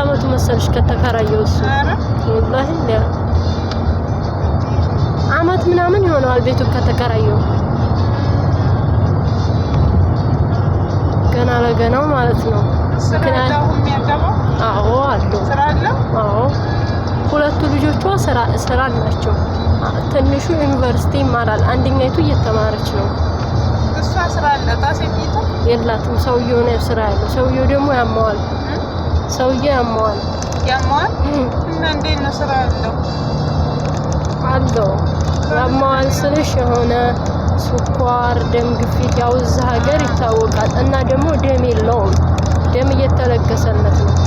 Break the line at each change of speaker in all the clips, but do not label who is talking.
አመቱ መሰልሽ ከተከራየው እሱ ወላሂ አመት ምናምን ይሆነዋል ቤቱ ከተከራየው ገና ለገናው ማለት ነው። አዎ አዎ ሁለቱ ልጆቿ ስራ ስራ አላቸው። ትንሹ ዩኒቨርሲቲ ይማራል። አንደኛይቱ እየተማረች ነው። የላትም ሰውየው ነው ስራ ያለው። ሰውየው ደግሞ ያማዋል። ሰውዬ ያመዋል
ያመዋል እና እንዴ ነው ስራ ያለው
አለው ያመዋል ስልሽ የሆነ ስኳር፣ ደም ግፊት ያው እዛ ሀገር ይታወቃል። እና ደግሞ ደም የለውም። ደም እየተለገሰለት ነው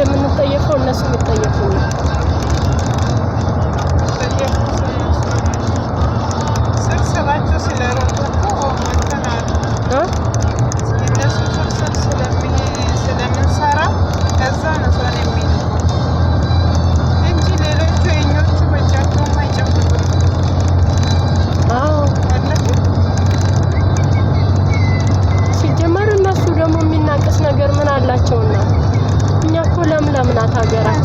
እንደምንጠየፈው እነሱ የሚጠየፉ ነው።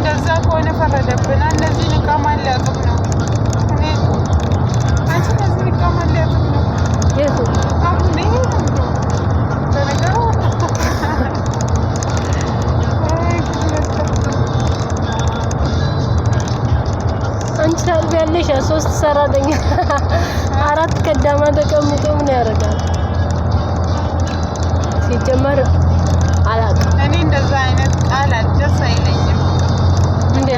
እንደዛ ከሆነ ፈረደብን። እነዚህን እቃ ማን ሊያጥብ ነው? እኔ አንቺ እነዚህን እቃ ማን ሊያጥብ ነው? አሁን ይሄ በነገሩ
አንቺ ታጥቢያለሽ። ሶስት ሰራተኛ አራት ቀዳማ ተቀምጦ ምን ያደርጋል ሲጀመር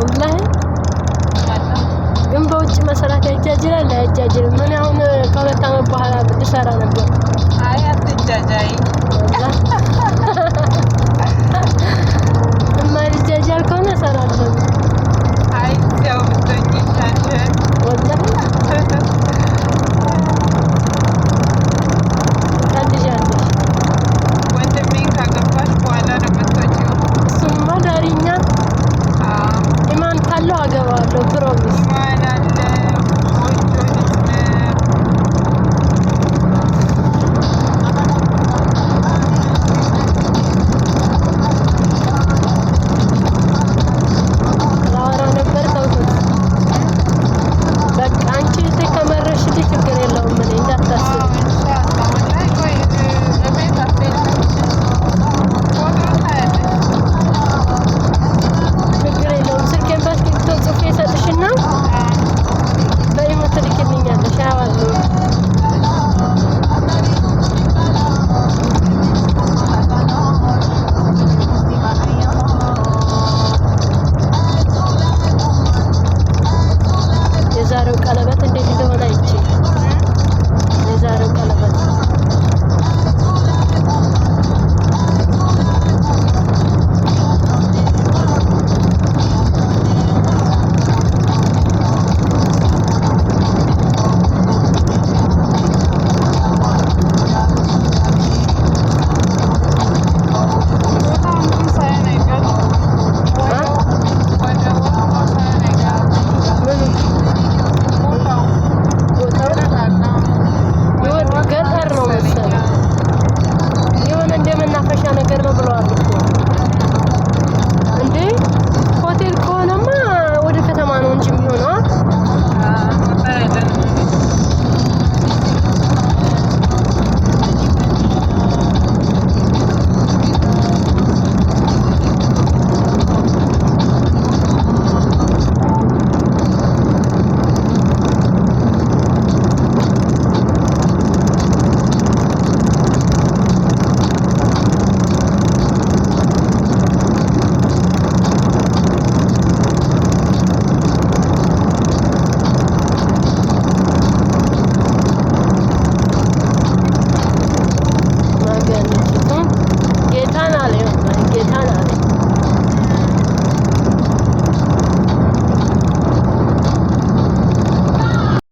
ወላሂ ግን በውጭ መሰራት ያጃጅላል አያጃጅልም? ምን አሁን ከሁለት አመት በኋላ ብትሰራ ነበር።
አይ አትጃጃይ